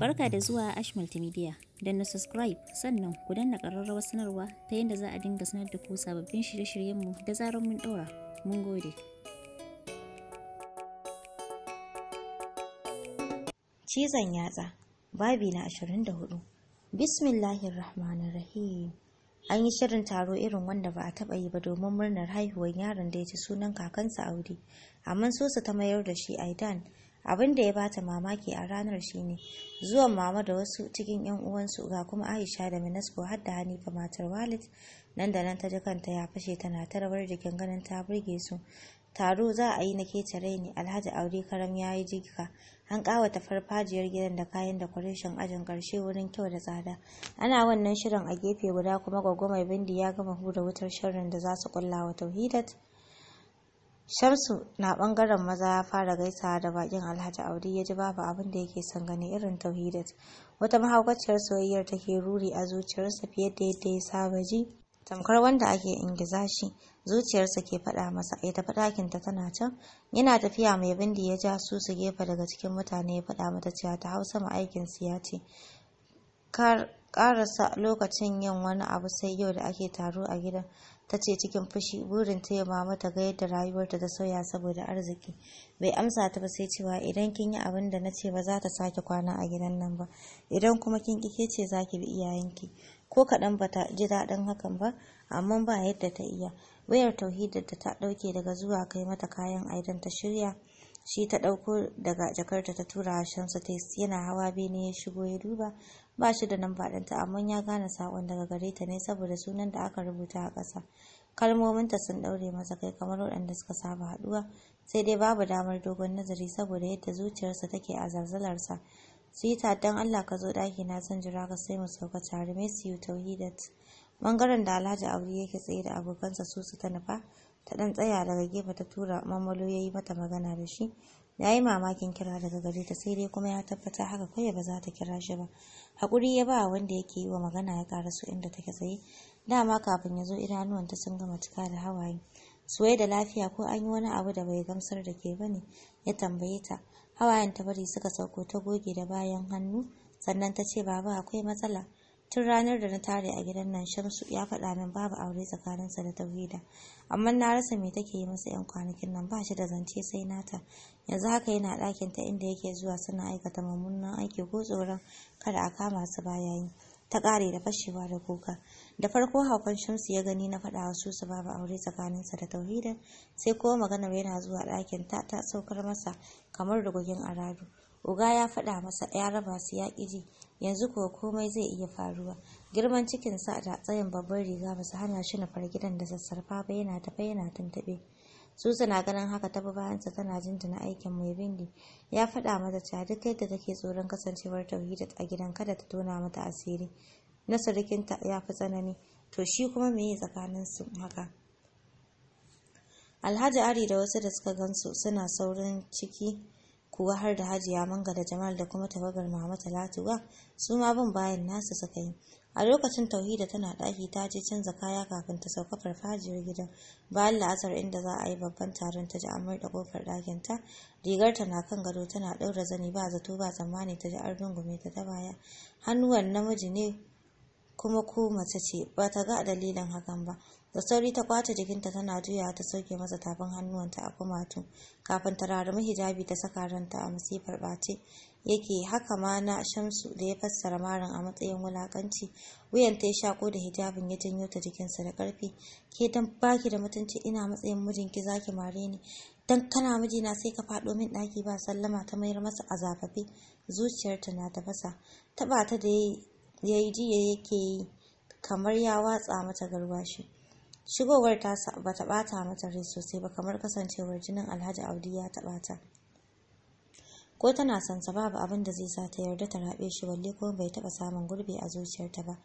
Barka da zuwa Ash Multimedia. Don na subscribe sannan ku danna ƙararrawar sanarwa ta yadda za a dinga sanar da ku sababbin shirye-shiryenmu da zarar mun ɗora. Mun gode. Cizon yatsa, babi na 24. rahim An yi shirin taro irin wanda ba a taɓa yi ba domin murnar haihuwar yaron da ya ci sunan kakansa Audi, amma Sosa ta mayar da shi Aidan abin da ya bata mamaki a ranar shine zuwan mama da wasu cikin yan uwansu ga kuma aisha da minasco har da hanifa matar walid nan da nan ta ji kanta ya fashe tana ta rawar jikin ganin ta burge su taro za a yi na ketare ne alhaji aure karam ya yi jika an kawata farfajiyar gidan da kayan da kwarishin ajin karshe wurin kyau da tsada ana wannan shirin a gefe guda kuma gwaggo mai bindi ya gama hura wutar shirin da za su kulla wa tauhidat Shamsu na bangaren maza ya fara gaisawa da bakin Alhaji Audi ya ji babu abin da yake son gani irin Tauhidat. Wata mahaukaciyar soyayyar ta ke ruri a zuciyarsa fiye da yadda ya saba ji. Tamkar wanda ake ingiza shi, zuciyarsa ke faɗa masa ya tafi ta tana can. Yana tafiya mai bindi ya ja su su gefe daga cikin mutane ya faɗa mata cewa ta hausa su ya ce. Karasa lokacin yin wani abu sai yau da ake taro a gidan ta ce cikin fushi burin ta ya mama ta ga yadda rayuwarta da sauya saboda arziki bai amsa ta ba sai cewa idan kin yi abin da na ce ba za ta sake kwana a gidan nan ba idan kuma kin ki ce za ki bi iyayenki ko kaɗan ba ta ji daɗin hakan ba amma ba yadda ta iya wayar tauhidar da ta ɗauke daga zuwa kai mata kayan aidan ta shirya shi ta ɗauko daga jakarta ta tura shamsu su yana hawa bene ya shigo ya duba ba shi da nan ɗinta amma ya gane sakon daga gare ta ne saboda sunan da aka rubuta a ƙasa kalmominta sun ɗaure masa kai kamar waɗanda suka saba haɗuwa sai dai babu damar dogon nazari saboda yadda zuciyarsa take a zarzalarsa sita dan allah ka zo ɗaki na son jira ka sai mu sauka tare mesiyu tauhidat bangaren da alhaji abu yake tsaye da abokansa su su ta nufa ta ɗan tsaya daga gefe ta tura mamalo ya yi mata magana da shi ya yi mamakin kira daga gare ta sai dai kuma ya tabbata haka kawai ba za ta kira shi ba haƙuri ya ba wanda yake yi wa magana ya ƙara su inda take tsaye dama kafin ya zo idanuwanta sun gama cika da hawaye soye da lafiya ko an yi wani abu da bai gamsar da ke ba ne? ya tambaye ta hawayen ta bari suka sauko ta goge da bayan hannu sannan ta ce baba akwai matsala tun ranar da na tare a gidan nan shamsu ya faɗa min babu aure tsakaninsa da tauhida amma na rasa me take yi masa yan kwanakin nan ba shi da zance sai nata yanzu haka yana ɗakin ta inda yake zuwa suna aikata mummunan aiki ko tsoron kada a kama su baya yi ta ƙare da fashewa da kuka da farko Haukan shamsu ya gani na faɗa wa su babu aure tsakaninsa da tauhida sai kuma maganar yana zuwa ɗakin ta ta saukar masa kamar rugugin aradu Uga ya faɗa masa ya raba su ya ƙi ji yanzu kuwa komai zai iya faruwa girman cikin cikinsa da tsayin babbar riga ba su hana shi na far gidan da sassarfa ba yana tafe yana tuntube susa na ganin haka ta bayansa tana jinjina aikin mai bindi ya faɗa mata cewa duk yadda take tsoron kasancewar tauhida a gidan kada ta tona mata asiri na surukinta ya fi tsanani to shi kuma me tsakanin su haka alhaji ari da wasu da suka gansu suna saurin ciki kuwa har da hajiya manga da jamal da kuma tababar mama talatu ba su ma bin bayan nasu suka yi a lokacin tauhida tana ɗaki ta je canza kaya kafin ta sauka farfajiyar gidan bayan la'asar inda za a yi babban taron ta ji an murɗa ƙofar ɗakin ta rigarta na kan gado tana ɗaura zani ba zato ba tsammani ta ji an rungume ta ta baya hannuwan namiji ne kuma ko mace ce ba ta ga dalilin hakan ba da sauri ta kwata jikinta tana juya ta soke masa tafin hannuwanta a kumatu kafin ta rarumi hijabi ta saka ranta a masifar bace yake haka ma na shamsu da ya fassara marin a matsayin wulakanci wuyan ta ya shako da hijabin ya janyo ta jikinsa da karfi ke dan baki da mutunci ina matsayin mijinki zaki mare ni dan kana mijina sai ka faɗo min daki ba sallama ta mayar masa a zuciyarta na tafasa fasa ta da yayi yi jiya yake yi kamar ya watsa mata garwashi shigowar ta ba ta bata mata rai sosai ba kamar kasancewar jinin alhaji audi ya taɓa ta ko tana son sa babu abin da zai sa ta yarda ta raɓe shi balle ko bai taɓa samun gurbi a zuciyarta ba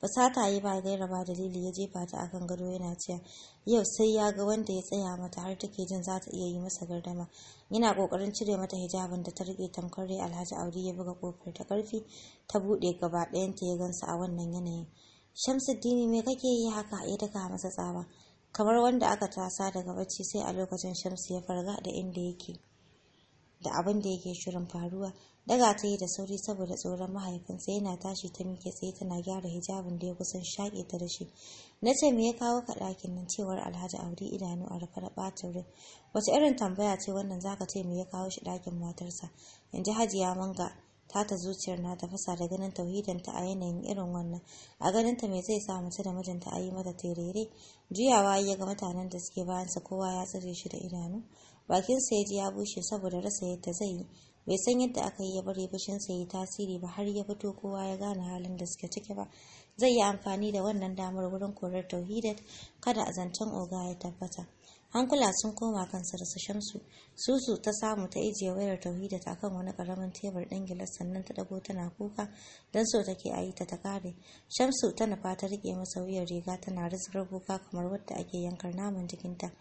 fasata yi ba gaira ba dalili ya jefa ta akan gado yana cewa yau sai ya ga wanda ya tsaya mata har take jin za ta iya yi masa gardama yana kokarin cire mata hijabin da ta rike tamkar rai alhaji audi ya buga kofar ta karfi ta buɗe gaba ɗayanta ya gansa a wannan yanayin Shamsuddini me kake yi haka ya daka masa tsaba. kamar wanda aka tasa daga bacci sai a lokacin Shamsu ya farga da inda yake da abin da yake shirin faruwa daga ta yi da sauri saboda tsoron mahaifinsa yana tashi ta mike tsaye tana gyara hijabin da ya kusan shaƙe ta da na ce me ya kawo ka ɗakin nan cewar alhaji Audu idanu a rufe da ɓacin rai wace irin tambaya ce wannan zaka ce me ya kawo shi ɗakin matarsa in ji hajiya manga tata zuciyar na ta fasa da ganin tauhidanta a yanayin irin wannan a ganinta mai zai sa mutu da mijinta a yi mata terere juyawa ya ga mutanen da suke bayansa kowa ya tsire shi da idanu bakinsa ya ji ya bushe saboda rasa yadda zai yi bai san yadda aka yi ya bari fushinsa ya tasiri ba har ya fito kowa ya gane halin da suke ciki ba zai yi amfani da wannan damar wurin korar tauhidat kada a zancen oga ya tabbata hankula sun koma kan su shamsu susu ta samu ta ijiye wayar tauhida ta kan wani karamin tebur ɗin gilas sannan ta dago tana kuka don so take a yi ta ta kare shamsu tana fata rike masa wuyar riga tana rizgar kuka kamar wadda ake yankar naman jikinta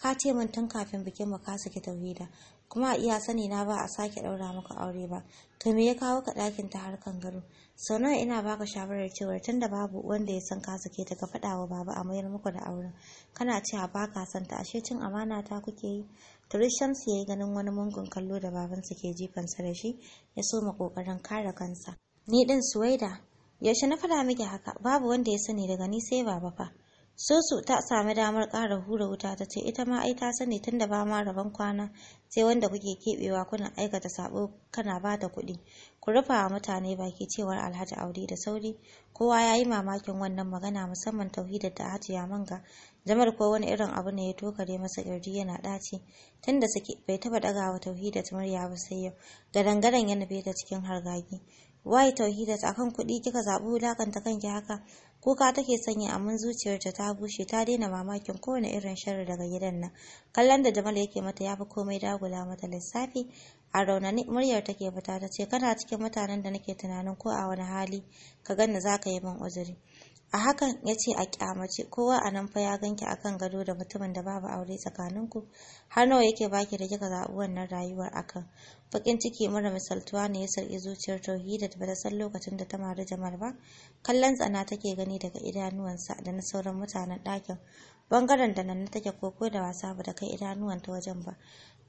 ka ce min tun kafin bikin mu ka saki tauhida kuma a iya sani na ba a sake ɗaura maka aure ba to me ya kawo ka ɗakin ta harkan gado sau nawa ina baka shawarar cewar tunda babu wanda ya san ka sake ta ka faɗa baba a mayar muku da auren kana cewa ba ka san ta ashe cin amana ta kuke yi turis su ya yi ganin wani mungun kallo da babansa ke jifansa da shi ya soma kokarin kare kansa ni din suwaida yaushe na faɗa miki haka babu wanda ya sani daga ni sai baba fa Susu ta sami damar ƙara hura wuta ta ce ita ma ai ta sani tun da ba ma rabon kwana sai wanda kuke keɓewa kuna aikata sabo kana ba da kuɗi. Ku rufa wa mutane baki cewar Alhaji aure da sauri kowa ya yi mamakin wannan magana musamman tauhidar da Hajiya Manga. Jamar ko wani irin abu ne ya tokare masa kirji yana ɗaci tun da suke bai taɓa ɗaga wa tauhidat murya ba sai yau Gadangadan ya nufe ta cikin hargagi. Wai tauhidar akan kuɗi kika zaɓi wulakanta kanki haka kuka take sanya amma zuciyarta ta bushe ta daina mamakin kowane irin sharri daga gidan nan kallon da jamal yake mata ya fi komai dagula mata lissafi a raunani muryar take fita ta ce kana cikin mutanen da nake tunanin ko a wani hali ka ganna za ka yi min uzuri a hakan ya ce a kyamace kowa a nan fa ya ganki a kan gado da mutumin da babu aure tsakaninku har nawa yake baki da kika zaɓi wannan rayuwar akan bakin ciki mara misaltuwa ne ya sarki zuciyar tauhida da bata san lokacin da ta mari jamal ba kallon tsana take gani daga idanuwansa da na sauran mutanen ɗakin bangaren da nan take koko da wasa ba da kai idanuwanta wajen ba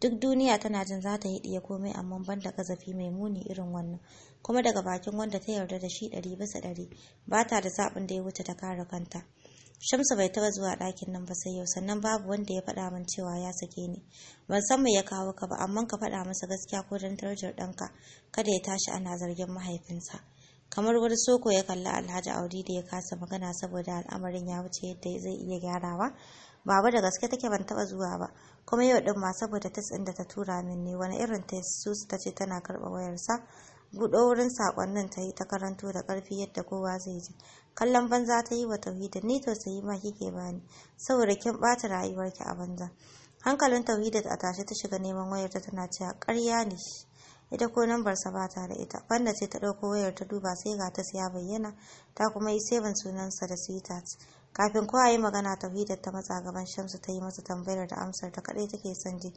duk duniya tana jin za ta yi ɗiya komai amma ban da kazafi mai muni irin wannan kuma daga bakin wanda ta yarda da shi ɗari bisa ɗari ba ta da zaɓin da ya wuce ta kare kanta Shamsu bai taɓa zuwa ɗakin nan ba sai yau sannan babu wanda ya faɗa min cewa ya sake ni. Ban san mai ya kawo ka ba amma ka faɗa masa gaskiya ko don tarjar ɗanka kada ya tashi ana zargin mahaifinsa. Kamar wani soko ya kalli Alhaji Audi da ya kasa magana saboda al'amarin ya wuce yadda zai iya gyarawa baba da gaske take ban taba zuwa ba kuma yau din ma saboda tes din da ta tura min ne wani irin tes su ta ce tana karba wayarsa buɗo wurin sakonnin ta yi ta karanto da ƙarfi yadda kowa zai ji kallon banza ta yi wa tauhida ni tausayi ma kike bani saboda kin ɓata rayuwarki a banza hankalin tauhida a tashi ta shiga neman wayar ta tana cewa ƙarya ne ita ko nambarsa ba ta da ita banda ce ta ɗauko wayar ta duba sai ga ta ya bayyana ta kuma yi seven sunansa da sweetheart kafin kowa yi magana tauhida ta matsa gaban shamsu ta yi masa tambayar da amsar ta kadai take son ji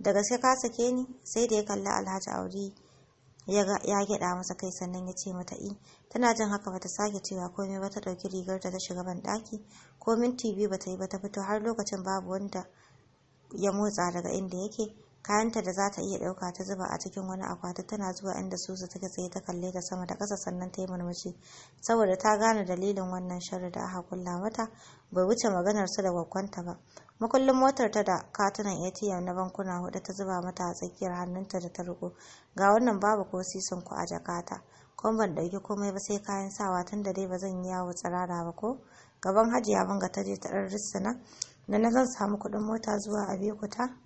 da gaske ka sake ni sai da ya kalli alhaji auri ya gyaɗa masa kai sannan ya ce mata i eh. tana jin haka bata sake cewa komai ba ta ɗauki rigar ta ta shiga ban ɗaki ko minti biyu bata yi ba ta fito har lokacin babu wanda ya motsa daga inda yake kayanta da za ta iya ɗauka ta zuba a cikin wani akwati tana zuwa inda susa take tsaye ta kalle ta sama da ƙasa sannan ta yi murmushi saboda ta gane dalilin wannan sharri da aka kulla mata bai wuce maganar su da gwaggwanta ba makullin motar ta da katunan atm na bankuna hudu ta zuba mata a tsakiyar hannunta da ta riko ga wannan babu ko sisin ku a jakata kuma ban ɗauki komai ba sai kayan sawa tun da dai ba zan yi yawo tsirara ba ko gaban hajiya banga ta je ta ɗan rissana da na zan samu kuɗin mota zuwa ta?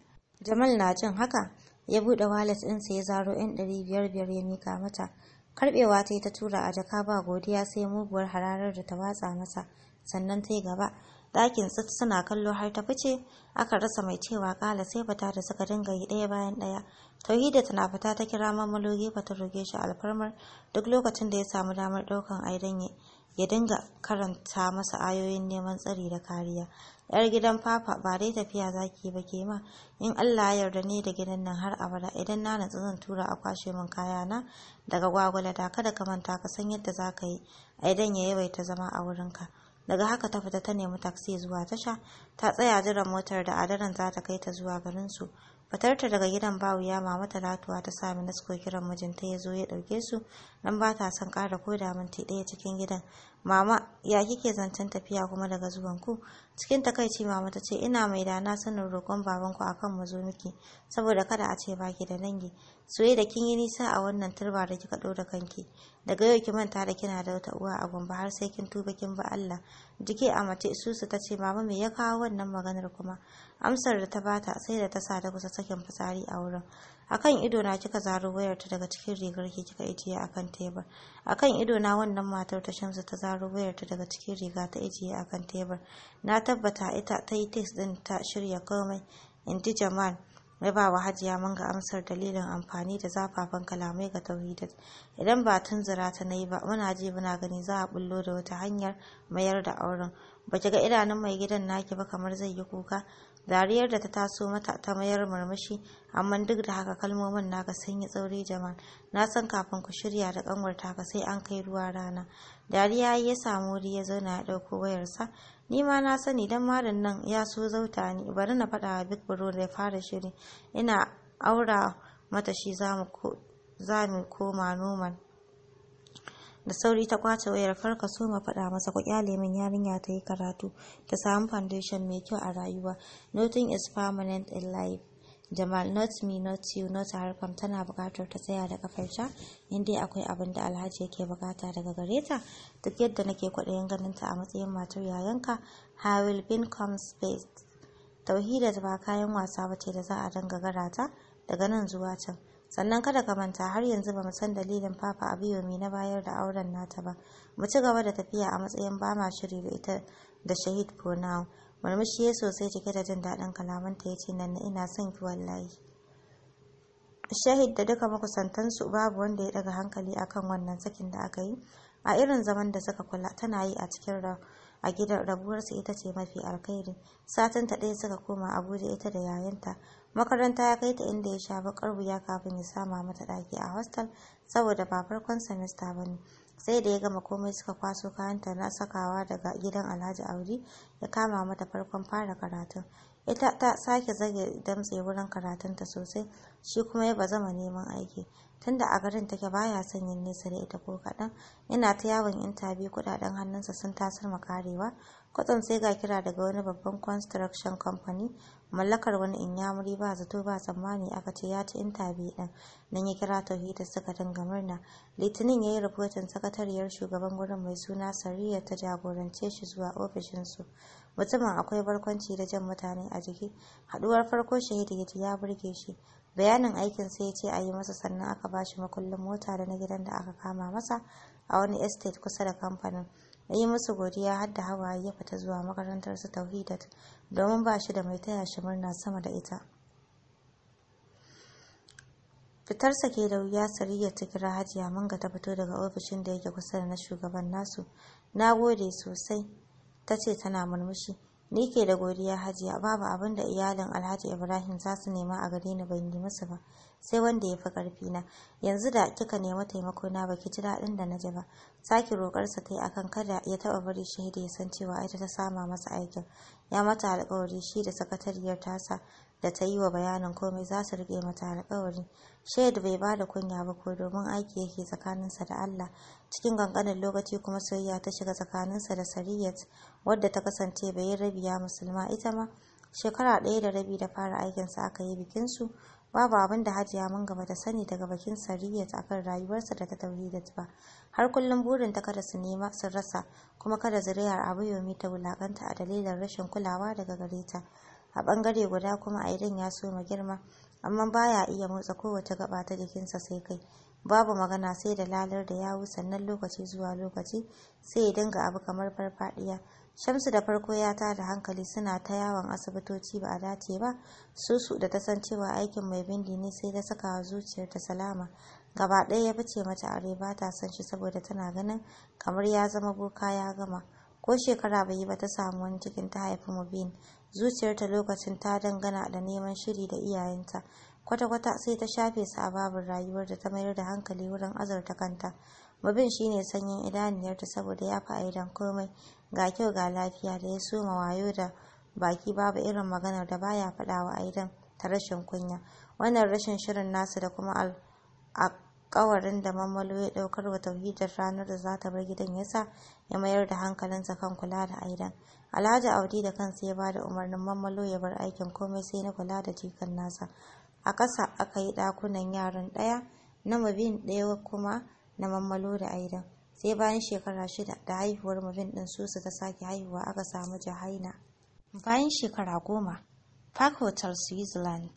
Jamal na jin haka ya buɗe walet ɗinsa ya zaro 'yan ɗari biyar biyar ya mika mata. Karɓewa ta yi ta tura a jaka ba godiya sai muguwar hararar da ta watsa masa sannan ta yi gaba. Ɗakin tsit suna kallo har ta fice aka rasa mai cewa ƙala sai fata da suka dinga yi ɗaya bayan ɗaya. Tauhida tana fita ta kira mamalo ba ta roge shi alfarmar duk lokacin da ya samu damar ɗaukan aidanye. ya dinga karanta masa ayoyin neman tsari da kariya yar gidan papa ba dai tafiya zaki ba ke ma in allah ya yarda ne da gidan nan har abada idan na natsu zan tura a kwashe min na daga gwagwala da kada ka manta ka san yadda za ka yi a idan ya yawaita zama a wurinka daga haka ta fita ta nemi taksi zuwa tasha ta tsaya jiran motar da adaran za ta kai ta zuwa garinsu Fatarta daga gidan ba ya mama Talatuwa ta sa Minasko kiran mijinta ya zo ya ɗauke su dan ba ta son ƙara ko da minti ɗaya cikin gidan mama ya kike zancen tafiya kuma daga zuwan ku cikin takaici mama ta ce ina mai da na sanin roƙon babanku akan mu zo miki saboda kada a ce baki da dangi soye da kin yi nisa a wannan turba da kika ɗora kanki daga yau ki manta da kina da wata uwa a gumba har sai kin tuba kin ba Allah jiki a mace susu ta ce mama me ya kawo wannan maganar kuma amsar da ta bata sai da ta sa ta kusa sakin fitsari a wurin akan ido na kika zaro wayarta daga cikin rigar ki kika ijiye akan tebur akan ido na wannan matar ta Shamsu ta zaro wayarta daga cikin riga ta ijiye akan tebur na tabbata ita ta yi test din ta shirya komai in ji Jamal mai ba wa hajiya mun ga amsar dalilin amfani da zafafan kalamai ga tauhidat idan ba tunzura ta yi ba muna ji muna gani za a bullo da wata hanyar mayar da auren ba ki ga idanun mai gidan naki ba kamar zai yi kuka dariyar da ta taso mata ta mayar murmushi amma duk da haka kalmomin naka sun yi tsauri jama'a na san kafin ku shirya da kanwarta ka sai an kai ruwa rana dariya ya samu wuri ya zauna ya ɗauko wayarsa ni ma na sani dan marin nan ya so zauta ni bari na faɗa wa big bro da ya fara shiri ina aura mata shi za mu koma noman da sauri ta kwace wayar farka so ma faɗa masa ku kyale min yarinya ta yi karatu ta samu foundation mai kyau a rayuwa nothing is permanent in life Jamal not me not you not harkam tana bukatar ta tsaya da kafarta in dai akwai abin da Alhaji yake bukata daga gare ta duk yadda nake kwaɗayin ganin ta a matsayin matar yayanka I will come space Tauhida ba kayan wasa bace da za a danga garata daga nan zuwa can sannan kada ka manta har yanzu ba mu san dalilin papa abiyomi na bayar da auren nata ba mu ci gaba da tafiya a matsayin ba ma shiri da ita da shahid ko nawa. murmushi ya sosai cike da jin daɗin kalamanta ya ce nan ina son ki wallahi shahid da duka makusantansu babu wanda ya daga hankali akan wannan sakin da aka yi a irin zaman da suka kula tana yi a cikin a gidan rabuwarsu ita ce mafi alkhairi satinta ɗaya suka koma abuja ita da yayanta makaranta ya kai ta inda ya sha bakar wuya kafin ya sama mata ɗaki a hostel saboda ba farkon semester ba ne sai da ya gama komai suka kwaso kayanta na sakawa daga gidan alhaji audi ya kama mata farkon fara karatun ita ta sake zage damtse wurin karatunta sosai shi kuma ya ba zama neman aiki tunda a garin take baya son yin nesa da ita ko kaɗan yana ta yawon intabi kudaden hannunsa sun tasar makarewa kwatsam sai ga kira daga wani babban construction company mallakar wani inyamuri ba zato ba tsammani aka ce ya ci intabi din nan ya kira tauhida suka dinga murna litinin ya yi rubutun sakatariyar shugaban gurin mai suna sariya ta jagorance shi zuwa ofishinsu mutumin akwai barkwanci da jan mutane a jiki haduwar farko shahidi ya burge shi bayanin aikin sai ya ce a yi masa sannan aka ba shi makullin mota da na gidan da aka kama masa a wani estate kusa da kamfanin ya yi musu godiya har da hawaye ya fita zuwa makarantar su tauhidat domin ba shi da mai taya shi murna sama da ita fitarsa ke da wuya sariya ta kira hajiya manga ta fito daga ofishin da yake kusa da na shugaban nasu na gode sosai ta ce tana murmushi Ni ke da godiya hajiya babu abin da iyalin Alhaji Ibrahim za su nema a gare ni ban yi musu ba sai wanda ya fi karfi na yanzu da kika nema taimako na baki ji daɗin da na ji ba saki roƙar sa kai akan kada ya taba bari shahida ya san cewa ita ta sama masa aikin ya mata alƙawari shi da sakatariyar tasa da ta yi wa bayanin komai za su rike mata alƙawari shahid bai bada kunya ba ko domin aiki yake tsakaninsa da Allah cikin kankanin lokaci kuma soyayya ta shiga tsakaninsa da Sariyat wadda ta kasance bai ya musulma ita ma shekara ɗaya da rabi da fara aikinsa aka yi bikinsu babu abin da hajiya mun gaba ta sani daga bakin sariyat kan rayuwarsa da ta tauridat ba har kullum burin ta kada su nema su rasa kuma kada zuriyar abu yomi ta wulakanta a dalilin rashin kulawa daga gare ta a bangare guda kuma idan ya so ma girma amma baya iya motsa kowace gaba ta jikinsa sai kai babu magana sai da lalar da wuce sannan lokaci zuwa lokaci sai ya dinga abu kamar farfadiya Shamsu da farko ya tada hankali suna ta yawon asibitoci ba a dace ba, Susu da ta san cewa aikin mai bindi ne sai ta saka wa zuciyar ta salama. Gaba ɗaya ya fice mata are ba ta san shi saboda tana ganin kamar ya zama boka ya gama. Ko shekara bai yi ba ta samu wani cikin ta haifi Mubin. Zuciyarta lokacin ta dangana da neman shiri da iyayenta. Kwata-kwata sai ta shafe su a babin rayuwar da ta mayar da hankali wurin azurta kanta. Mubin shine sanyin idaniyarta saboda ya fi aidan komai ga kyau ga lafiya da ya soma wayo da baki babu irin maganar da baya faɗawa wa aidan ta rashin kunya wannan rashin shirin nasu da kuma al da mamalo ya ɗaukar wa tauhidar ranar da za ta bar gidan yasa ya mayar da hankalinsa kan kula da aidan alhaji audi da kansa ya bada umarnin mamalo ya bar aikin komai sai na kula da jikan nasa a ƙasa aka yi ɗakunan yaran ɗaya na mabin ɗaya kuma na mamalo da aidan sai bayan shekara shida da haihuwar mabin din su ta sake haihuwa aka samu jahaina bayan shekara goma park hotel switzerland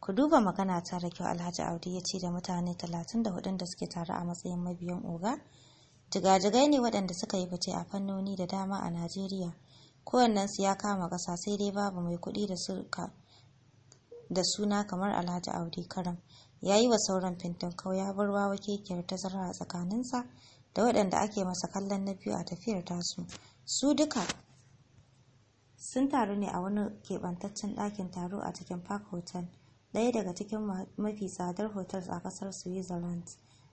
ku duba magana ta da kyau alhaji audi ya ce da mutane 34 da suke tare a matsayin mabiyan oga jigajigai ne waɗanda suka yi fice a fannoni da dama a najeriya kowannensu ya kama ƙasa sai dai babu mai kuɗi da suka da suna kamar alhaji audi karam ya yi wa sauran fintin kau ya bar wawa kekiyar tazara a tsakaninsa da waɗanda ake masa kallon na biyu a tafiyar tasu su duka sun taru ne a wani keɓantaccen ɗakin taro a cikin park hotel ɗaya daga cikin mafi tsadar hotels a ƙasar switzerland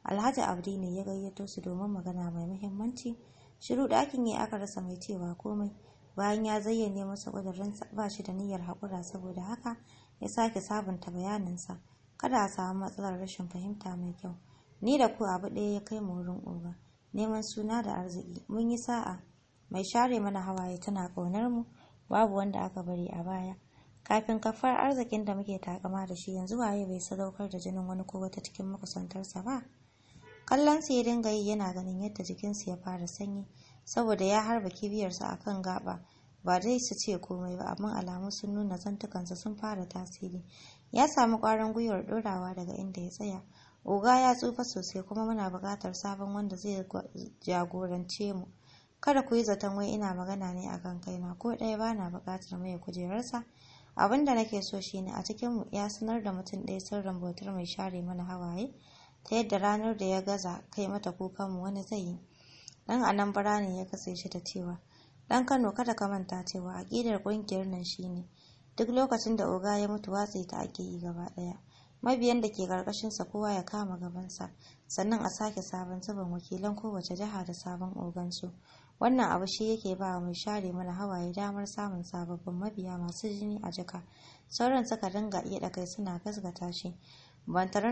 alhaji abdi ne ya gayyato su domin magana mai muhimmanci shiru ɗakin ya aka rasa mai cewa komai bayan ya zayyane masa ƙudurin ba shi da niyyar haƙura saboda haka ya sake sabunta bayaninsa kada a samu matsalar rashin fahimta mai kyau ni da ku abu ɗaya ya kai mu wurin uba neman suna da arziki mun yi sa'a mai share mana hawaye tana ƙaunar mu babu wanda aka bari a baya kafin kafar arzikin da muke takama da shi yanzu waye bai sadaukar da jinin wani ko wata cikin makusantarsa ba kallon su ya dinga yi yana ganin yadda jikinsu ya fara sanyi saboda ya harba kibiyarsa a kan gaɓa, ba zai su ce komai ba amma alamu sun nuna zantukansa sun fara tasiri ya samu ƙwarin gwiwar ɗorawa daga inda ya tsaya oga ya tsufa sosai kuma muna buƙatar sabon wanda zai jagorance mu kada ku yi zaton wai ina magana ne akan kaina ko ɗaya ba na buƙatar mai kujerarsa abin da nake so shine a cikin mu ya sanar da mutum ɗaya sirrin bautar mai share mana hawaye ta yadda ranar da ya gaza kai mata kukan mu wani zai yi dan anan birane ya kase shi da cewa dan Kano kada ka manta cewa aƙidar ƙungiyar nan shine duk lokacin da oga ya mutu watsi ta ake yi gaba ɗaya mabiyan da ke ƙarƙashinsa kowa ya kama gabansa sannan a sake sabon zuban wakilan kowace jiha da sabon ogansu wannan abu shi yake ba mai share mana hawaye damar samun sababbin mabiya masu jini a jika sauran suka danga iya kai suna gasgata shi ban tare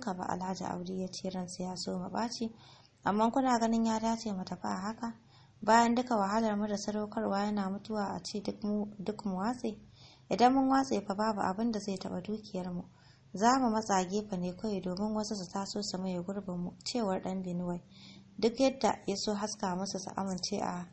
ka ba alhaji Audu ya ce ransa ya so maɓaci amma kuna ganin ya dace mu tafi a haka bayan duka wahalar mu da sadaukarwa yana mutuwa a ce duk mu watse idan mun watse fa babu abin da zai taɓa dukiyar mu za mu matsa gefe ne kawai domin wasu su taso su maye gurbin mu cewar dan dinuwai duk yadda ya so haska masa su amince a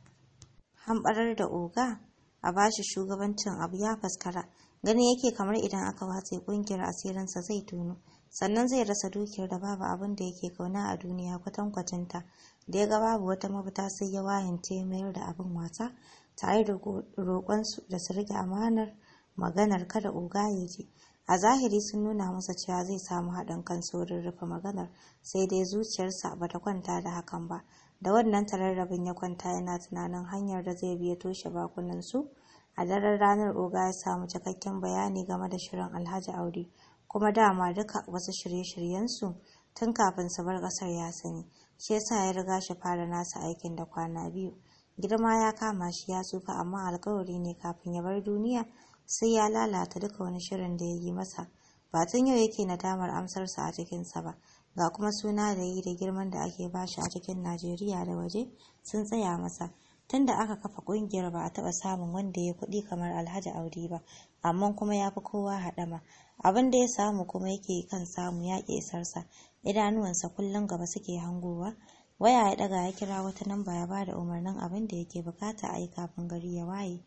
hambarar da oga a bashi shugabancin abu ya faskara gani yake kamar idan aka watse kungiyar asirinsa zai tono sannan zai rasa dukiyar da babu abin da yake kauna a duniya kwatan-kwatanta da ya ga babu wata mabuta sai ya wayance mayar da abin wasa tare da roƙonsu da su rike amanar maganar kada oga ya je. a zahiri sun nuna masa cewa zai samu haɗin kan saurin rufe maganar sai dai zuciyarsa ba ta kwanta da hakan ba da wannan tararrabin ya kwanta yana tunanin hanyar da zai biya toshe bakunan su a daren ranar oga ya samu cikakken bayani game da shirin alhaji aure kuma dama duka wasu shirye-shiryensu tun kafin su bar ƙasar ya sani shi yasa ya riga shi fara nasa aikin da kwana biyu girma ya kama shi ya tsufa amma alkawari ne kafin ya bar duniya sai ya lalata duka wani shirin da ya yi masa ba tun yau yake nadamar amsarsa a cikinsa ba ga kuma suna da yi da girman da ake bashi a cikin najeriya da waje sun tsaya masa tunda aka kafa kungiyar ba a taɓa samun wanda ya kuɗi kamar alhaji audi ba amma kuma ya fi kowa haɗama abin da ya samu kuma yake kan samu ya ƙesarsa idanuwansa kullum gaba suke hangowa waya ya ɗaga ya kira wata namba ya ba da umarnin abin da yake bukata a yi kafin gari ya waye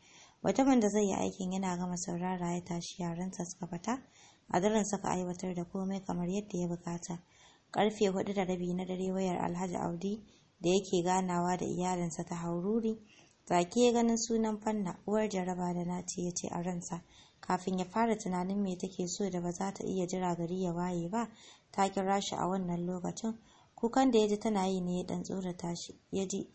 mutumin da zai yi aikin yana gama saurara ya tashi yaransa suka fata a daren saka aiwatar da komai kamar yadda ya bukata karfe hudu da rabi na dare wayar alhaji audi da yake ganawa da iyalinsa ta haururi zaki ya ganin sunan fanna uwar jaraba da nati ya ce a ransa kafin ya fara tunanin me take so da ba za ta iya jira gari ya waye ba ta kira shi a wannan lokacin kukan da ya ji tana yi ne ya dan tsorata shi ya ji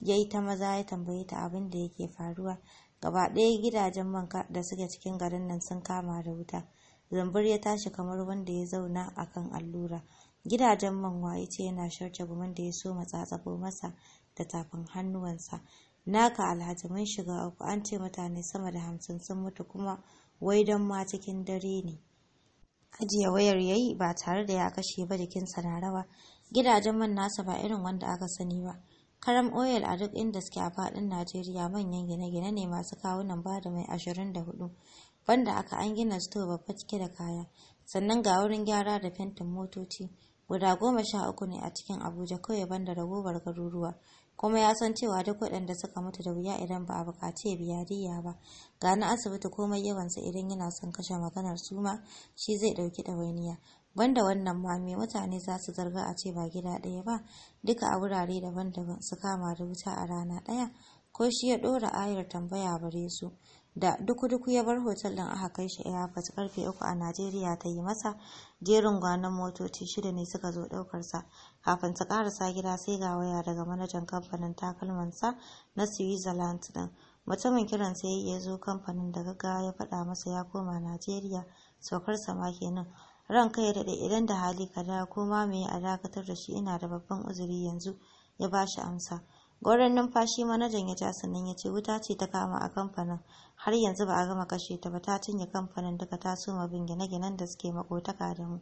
ya yi ta maza ya tambaye ta abin da yake faruwa gaba ɗaya gidajen man da suke cikin garin nan sun kama da wuta zambur ya tashi kamar wanda ya zauna a kan allura gidajen man waye ce yana sharce gumin da ya so matsatsafo masa da tafin hannuwansa naka alhaji mun shiga uku an ce mutane sama da hamsin sun mutu kuma wai don ma cikin dare ne ajiye wayar ya yi ba tare da ya kashe ba jikinsa na rawa gidajen man nasa ba irin wanda aka sani ba Karam oil a duk inda suke a faɗin Najeriya manyan gine-gine ne masu kawunan ba da mai 24, banda aka an gina sto babba cike da kaya, sannan ga wurin gyara da fentin motoci. Guda goma sha uku ne a cikin Abuja kawai banda ragowar garuruwa, kuma ya san cewa duk waɗanda suka mutu da wuya idan ba a bukace biya ba. Ga na asibiti komai yawansa idan yana son kashe maganar suma shi zai ɗauki ɗawainiya. banda wannan ma me mutane za su zarga a ce ba gida ɗaya ba duka a wurare daban-daban su kama da wuta a rana ɗaya ko shi ya ɗora ayar tambaya bare su da duku-duku ya bar hotel ɗin aka kai shi airport karfe uku a najeriya ta yi masa jerin gwanon motoci shida ne suka zo sa kafin ta karasa gida sai ga waya daga manajan kamfanin takalmansa na switzerland ɗin mutumin kiran sai ya zo kamfanin da gaggawa ya faɗa masa ya koma najeriya saukar sama kenan ranka ya daɗe idan da hali ka da ko ma me a dakatar da shi ina da babban uzuri yanzu ya ba shi amsa goren numfashi manajan ya ja sannan ya ce wuta ce ta kama a kamfanin har yanzu ba a gama kashe ta ba ta cinye kamfanin duka ta soma bin gine-ginen da suke makotaka da mu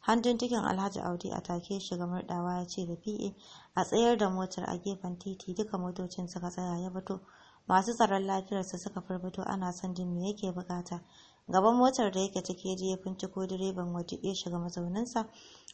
hannun alhaji audi a take shi ga murdawa ya ce da pa a tsayar da motar a gefen titi duka motocin suka tsaya ya fito masu tsaron lafiyarsa suka firfito ana son jin me yake buƙata. gaban motar da yake take ji ya direban waje ya shiga mazauninsa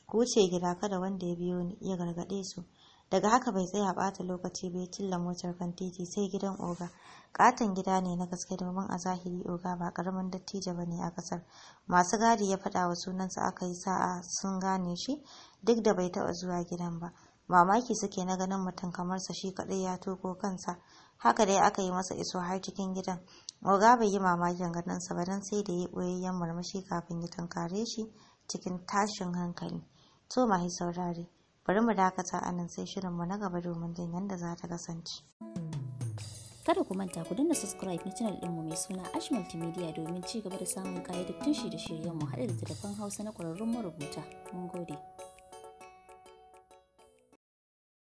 ku ce gida kada wanda ya biyo ni ya gargade su daga haka bai tsaya bata lokaci bai cilla motar kan titi sai gidan oga katon gida ne na gaske domin a zahiri oga ba karamin dattijo ba ne a kasar masu gadi ya faɗa wa sunansa aka yi sa'a sun gane shi duk da bai taɓa zuwa gidan ba mamaki suke na ganin mutum kamar sa shi kaɗai ya toko kansa haka dai aka yi masa iso har cikin gidan oga bai yi mamakin ganinsa ba don sai da ya ɓoyayyen murmushi kafin ya tunkare shi cikin tashin hankali to mahi saurare bari mu dakata a nan sai mu na gaba domin jin yadda za ta kasance kada ku manta ku dinna subscribe na channel ɗinmu mai suna ash multimedia domin ci gaba da samun kayyadattun shi da shiryenmu haɗa da telefon hausa na ƙwararrun marubuta mun gode